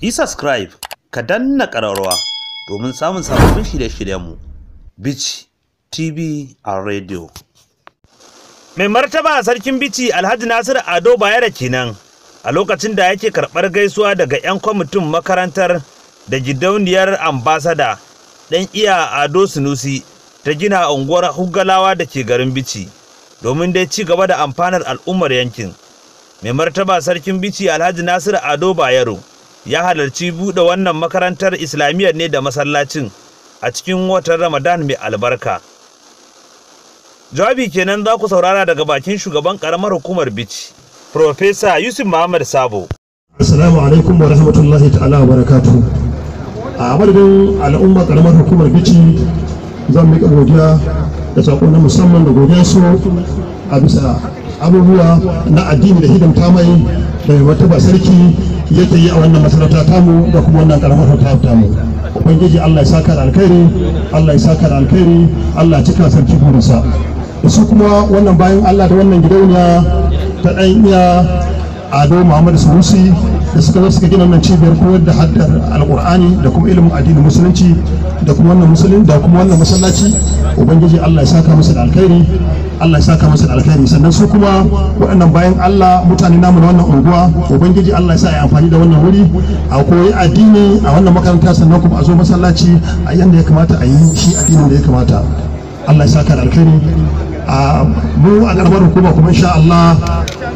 yi subscribe ka danna ƙararrawa domin samun sababbin shirye-shiryenmu bici tv a radio mai martaba sarkin bici alhaji nasir ado da kenan a lokacin da yake karɓar gaisuwa daga 'yan kwamitin makarantar da gidauniyar ambasada ɗan iya ado sunusi ta gina unguwar hugalawa da ke garin bici domin dai ci gaba da amfanar al'ummar yankin mai martaba sarkin bici alhaji nasir ado bayero ya halarci buɗe wannan makarantar islamiyyar ne da masallacin a cikin watan ramadan mai albarka jawabi kenan za ku saurara daga bakin shugaban karamar hukumar bici Profesa yusuf muhammad sabo assalamu alaikum wa rahmatullahi ta'ala wa barakatu a madadin al'umma karamar hukumar bici zan miƙa godiya da saƙon na musamman da godiya su a bisa abubuwa na addini da hidimta mai da martaba sarki yake yi a wannan masarauta tamu da kuma wannan karamar hauta tamu ubangiji Allah ya saka da alkhairi Allah ya saka da alkhairi Allah ya cika sarki burinsa da su kuma wannan bayan Allah da wannan gidauniya ta ɗan iya Ado Muhammadu Sunusi da suka zo suka gina wannan cibiyar koyar da haddar alkur'ani da kuma ilimin addinin musulunci da kuma wannan musulun da kuma wannan masallaci ubangiji Allah ya saka musu da alkhairi Allah ya saka musu da alkhairi sannan su kuma waɗannan bayan Allah mutane namu na wannan unguwa ubangiji Allah ya sa ya amfani da wannan wuri a koyi addini a wannan makaranta sannan kuma a zo masallaci a yanda ya kamata a yi shi addinin da ya kamata Allah ya saka da alkhairi mu a garbar hukuma kuma insha Allah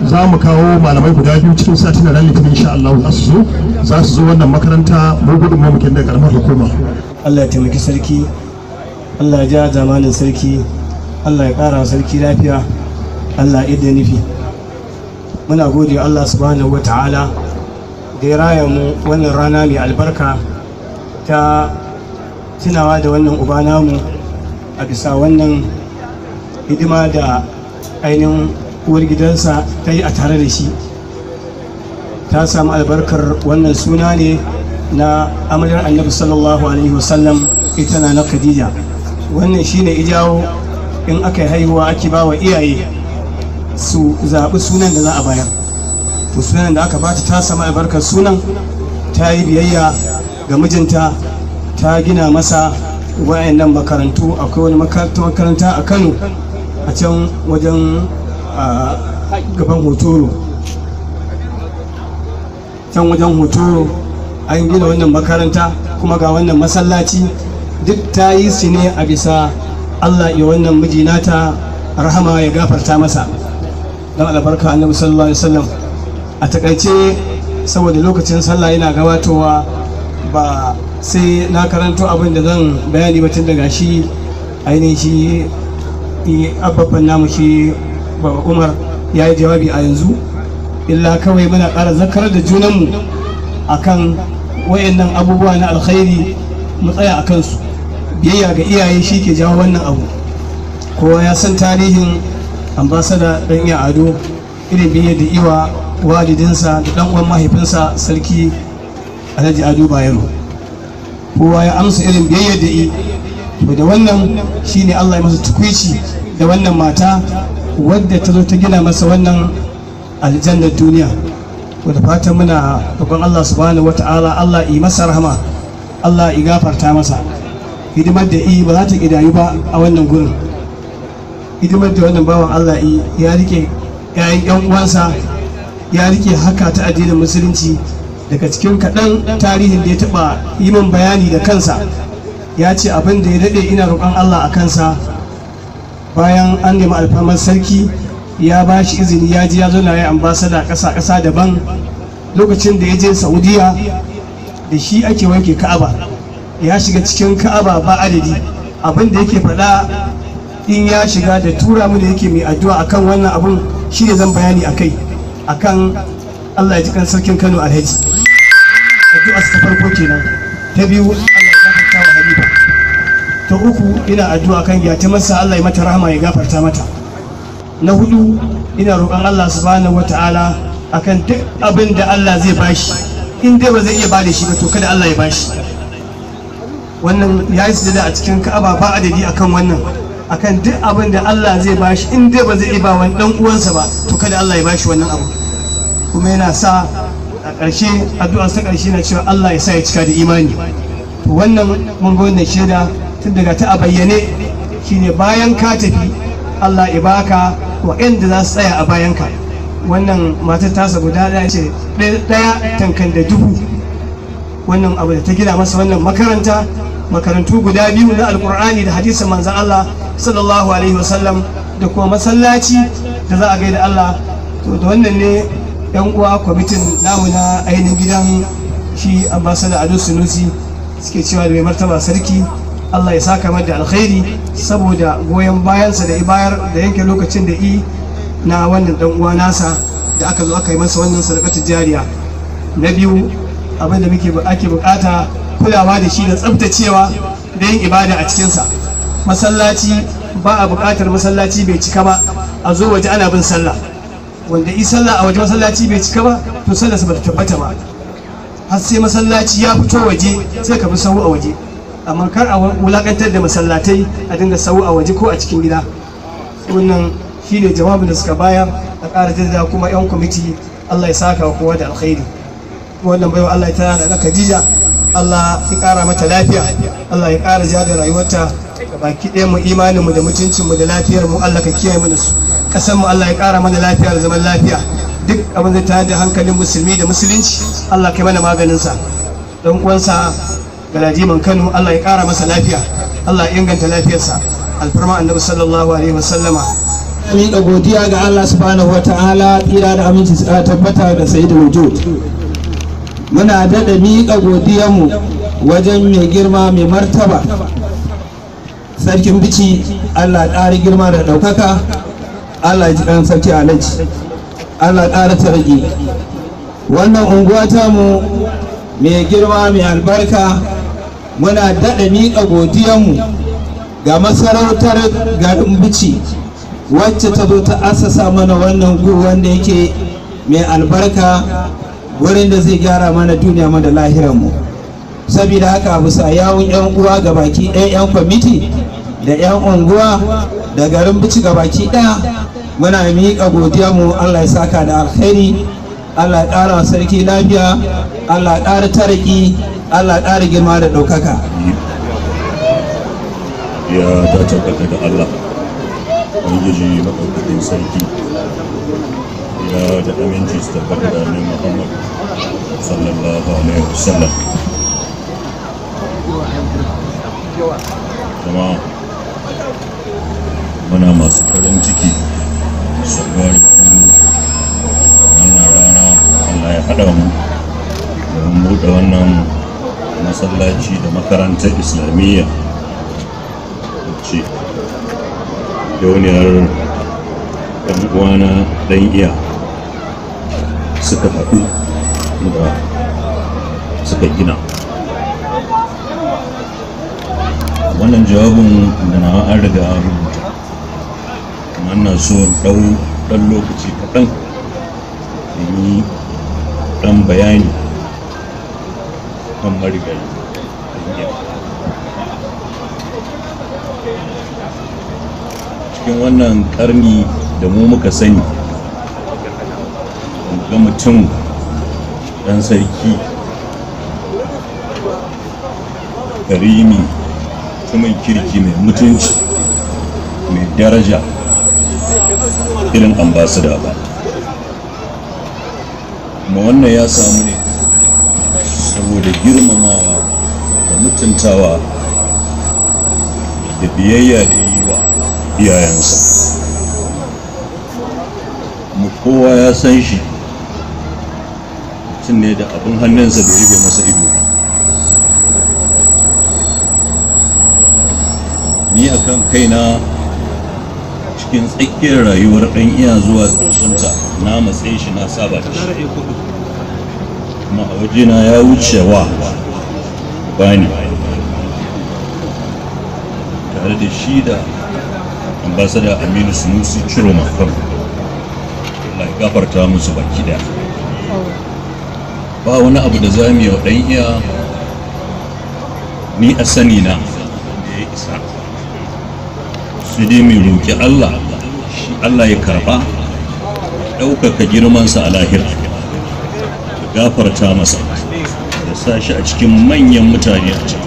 za mu kawo malamai guda biyu cikin satin ran litinin insha Allah za su zo za su zo wannan makaranta mu gudun mu mukin daga hukuma Allah ya taimaki sarki Allah ya ja zamanin sarki Allah ya kara sarki lafiya Allah ya nufi muna gode Allah subhanahu wataala da ya raya mu wannan rana mai albarka ta tunawa da wannan uba namu a bisa wannan hidima da ainihin uwar gidansa ta yi a tare da shi ta samu albarkar wannan suna ne na amaryar annabi sallallahu alaihi wasallam ita na na khadija wannan shi ne ijawo in aka yi haihuwa ake ba wa iyaye su zaɓi sunan da za a bayar to sunan da aka bata ta samu albarkar sunan ta yi biyayya ga mijinta ta gina masa wayannan makarantu akwai wani makaranta a kano a can wajen gaban hotoro can wajen an gina wannan makaranta kuma ga wannan masallaci duk ta yi su ne a bisa allah ya wannan mijinata rahama ya gafarta masa don albarka na sallallahu alaihi a takaice saboda lokacin sallah yana gabatowa ba sai na karanto abin da zan bayani batun daga shi ainihin shi Eh, ababban namu shi baba umar ya yi jawabi a yanzu illa kawai muna ƙara zakar da junanmu akan wayannan abubuwa na alkhairi mu tsaya a kansu biyayya ga iyaye shi ke jawo wannan abu kowa ya san tarihin ambasada dan iya ado irin biyar da iwa walidinsa da dan uwan mahaifinsa sarki alhaji ado bayero kowa ya amsa irin biyayya da i to da wannan shine Allah ya masa tukwici da wannan mata wadda ta zo ta gina masa wannan aljannar duniya da fatan muna babban Allah subhanahu wata'ala Allah yi masa rahama Allah yi gafarta masa hidimar da yi ba za ta kidayu ba a wannan gurin hidimar da wannan bawan Allah yi ya rike yayin yan uwansa ya rike haka ta addinin musulunci daga cikin kaɗan tarihin da ya taɓa yi min bayani da kansa ya ce abin da ya daɗe ina roƙon Allah a kansa bayan an nemi alfarmar sarki ya ba shi izini ya ji ya zo na yi ambasada ƙasa ƙasa daban lokacin da ya je saudiya da shi ake wanke ka'aba ya shiga cikin ka'aba ba adadi abin da yake faɗa in ya shiga da tura mu da yake mai addu'a akan wannan abin shi ne zan bayani akai akan Allah ya ji kan sarkin Kano Alhaji addu'a ta farko kenan ta biyu ta uku ina addu'a kan ya ta masa Allah ya mata rahama ya gafarta mata na hudu ina roƙon Allah subhanahu wata'ala akan duk abin da Allah zai bashi in dai ba zai iya bada shi ba to kada Allah ya bashi wannan ya yi sujada a cikin Ka'aba ba adadi akan wannan akan duk abin da Allah zai bashi in dai ba zai iya ba wani dan uwansa ba to kada Allah ya bashi wannan abu kuma yana sa a ƙarshe addu'a ta ƙarshe na cewa Allah ya sa ya cika da imani wannan mun ga wannan shaida tun daga ta a bayyane shine bayan ka tafi Allah ibaka inda za su tsaya a bayan ka wannan matar tasa guda ɗaya ce ɗaya tankan da dubu wannan abu da ta gina masa wannan makaranta makarantu guda biyu na alkur'ani da hadisin manzan Allah sallallahu alaihi wasallam da kuma masallaci da za a gaida Allah to da wannan ne yan uwa kwamitin namu na ainihin gidan shi ambasada Ado Sunusi suke cewa da mai martaba sarki Allah ya saka mai da alkhairi saboda goyon bayansa da ibayar da yanke lokacin da i na wannan dan uwa nasa da aka zo aka yi masa wannan sadakatu jariya na biyu abin da muke ake bukata kulawa da shi da tsaftacewa da yin ibada a cikinsa masallaci ba a bukatar masallaci bai cika ba a zo waje ana bin sallah wanda i sallah a waje masallaci bai cika ba to sallarsa ba ta tabbata ba har sai masallaci ya fito waje sai ka bi sahu a waje amma kar a wulakantar da masallatai a dinga sau a waje ko a cikin gida wannan shi ne jawabin da suka bayar a ƙara da kuma 'yan kwamiti allah ya saka wa kowa da alkhairi wannan baiwa allah ya tana da khadija allah ya ƙara mata lafiya allah ya ƙara ja da rayuwarta baki ɗaya mu imaninmu da mutuncinmu da mu allah ka kiyaye mana su mu allah ya ƙara mana lafiya da zaman lafiya duk abin da ta da hankalin musulmi da musulunci allah kai mana maganinsa don uwansa galajiman kano allah ya kara masa lafiya allah ya inganta lafiyarsa alfarma annabi sallallahu alaihi wasallama da godiya ga allah subhanahu wa ta'ala tsira da aminci tabbata da sai da muna daɗa miƙa godiyanmu wajen mai girma mai martaba sarkin bici allah ƙari girma da ɗaukaka allah ji ɗan sarki alaji allah ƙara targi wannan unguwa mu mai girma mai albarka muna daɗa miƙa mu ga masarautar garin bici wacce ta zo ta asasa mana wannan gu wanda yake mai albarka wurin da zai gyara mana duniya da mana mu. saboda haka a bisa yawun 'yan uwa ga baki ɗaya 'yan kwamiti da 'yan unguwa da garin bici ga baki ɗaya muna miƙa godiyanmu allah ya saka da alkhairi allah ya ƙara sarki lafiya allah ya ƙara tariki Allah ƙara girma da ɗaukaka ya dace tabbata da Allah ubangiji maɗaukakin sarki ya da aminci su tabbata da ne Muhammad sallallahu alaihi wasallam kuma muna masu farin ciki sabuwar wannan rana Allah ya haɗa mu domin buɗe wannan masallaci da makarantar islamiyya ce yauniyar uwana dan iya suka haɗu da suka gina wannan jawabin da na an riga rubuta na so ɗau ɗan lokaci kaɗan yi ɗan bayani kan cikin wannan karni da mu muka sani ga mutum ɗan sarki karimi mutumin kirki mai mutunci mai daraja irin ambasada ba kuma wannan ya samu ne da girmamawa da mutuntawa da biyayya da yi wa iyayensa mu kowa ya san shi mutum ne da abin hannunsa bai rufe masa ido ni a kan kaina cikin tsakiyar rayuwar ɗan iya zuwa tsohonta na matsayin shi na saba da shi kuma a na ya wuce wa bani tare da shi da ambasada aminu sinusi ciro makon Allah ya gafarta musu baki da ba wani abu da za mu yi wa ɗan iya ni a sani na da ya isa su dai mai roƙi Allah shi Allah ya karɓa ɗaukaka girmansa a lahira gafarta masa da sa shi a cikin manyan mutane a can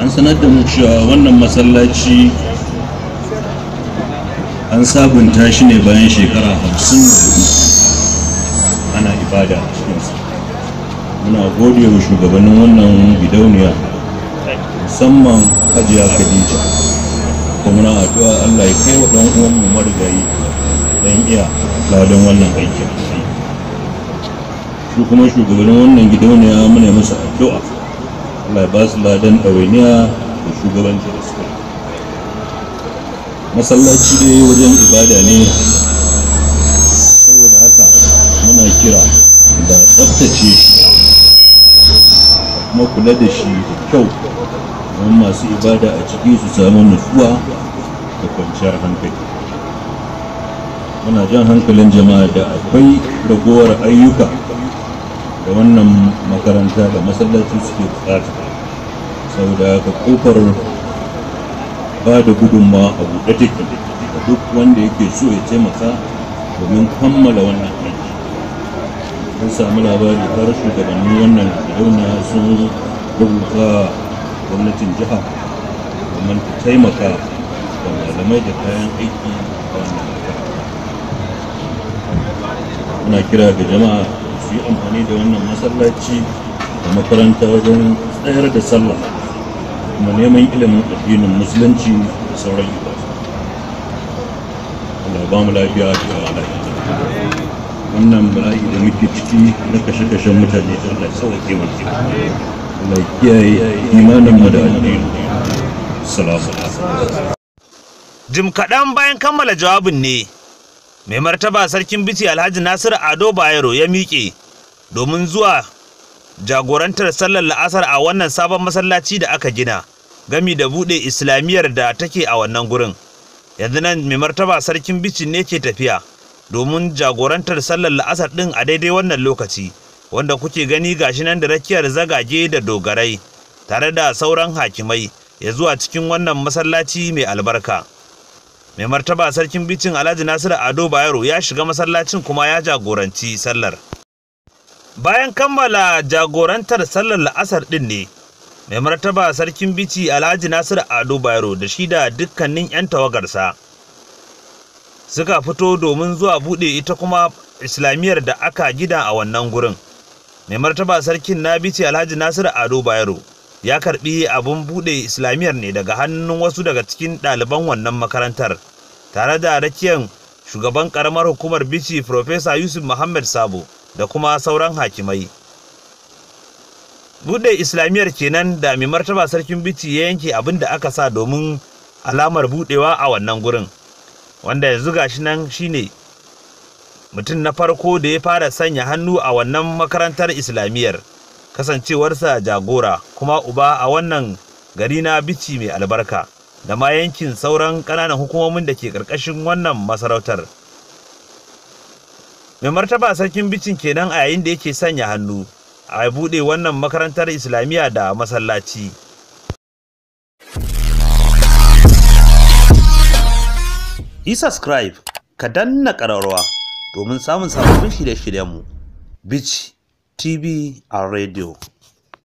an sanar da mu cewa wannan masallaci an sabunta shi ne bayan shekara hamsin ana ibada a cikinsa muna gode wa shugabannin wannan gidauniya musamman hajiya khadija kuma muna addu'a allah ya kai wa ɗan uwan marigayi dan iya ladan wannan aikin shi kuma shugabannin wannan ya muna masa addu'a Allah ya ba su ladan ɗawainiya da shugabanci da suka masallaci dai wajen ibada ne saboda haka muna kira da tsaftace shi kuma kula da shi da kyau don masu ibada a ciki su samu nutsuwa da kwanciyar hankali muna jan hankalin jama'a da akwai ragowar ayyuka da wannan makaranta da masallaci suke bukata saboda ga kofar ba da gudunma a buɗe take da duk wanda yake so ya taimaka domin kammala wannan aiki sun samu labari har shugabanni wannan yauna sun rubuta gwamnatin jiha domin ta taimaka da malamai da kayan aiki a wannan muna kira ga jama'a yi amfani da wannan masallaci da makaranta wajen tsayar da sallah kuma neman ilimin addinin musulunci da sauran yi Allah ba mu lafiya da lafiya wannan bala'i da muke ciki na kashe-kashen mutane da Allah sauke mana Allah kiyaye imanin mu da addini salamu jim kaɗan bayan kammala jawabin ne mai martaba sarkin biti alhaji nasiru ado bayero ya miƙe domin zuwa jagorantar sallar la'asar a wannan sabon masallaci da aka gina gami da buɗe islamiyyar da take a wannan gurin yanzu nan mai martaba sarkin bicin ne ke tafiya domin jagorantar sallar la'asar ɗin a daidai wannan lokaci wanda kuke gani gashi nan da rakiyar zagage da dogarai tare da sauran hakimai ya zuwa cikin wannan masallaci mai albarka mai martaba sarkin bicin alhaji nasiru ado bayero ya shiga masallacin kuma ya jagoranci sallar bayan kammala jagorantar sallar la'asar ɗin ne mai martaba sarkin bici alhaji nasiru ado bayero da shi da dukkanin 'yan tawagarsa suka fito domin zuwa buɗe ita kuma islamiyyar da aka gida a wannan gurin mai martaba sarkin na bici alhaji nasiru ado bayero ya karbi abun buɗe islamiyyar ne daga hannun wasu daga cikin ɗaliban wannan makarantar tare da rakiyan shugaban ƙaramar hukumar bici Profesa yusuf muhammad sabo da kuma sauran hakimai buɗe islamiyyar kenan da mai martaba sarkin bici ya yanke abin da aka sa domin alamar buɗewa a wannan gurin wanda yanzu gashi nan shine mutum na farko da ya fara sanya hannu a wannan makarantar islamiyyar kasancewarsa jagora kuma uba a wannan gari na bici mai albarka da ma yankin sauran ƙananan hukumomin da ke ƙarƙashin wannan masarautar mai martaba sarkin bicin kenan a yayin da yake sanya hannu a buɗe wannan makarantar islamiyya da masallaci yi subscribe ka danna ƙararrawa domin samun sababbin shirye-shiryenmu bici tv a radio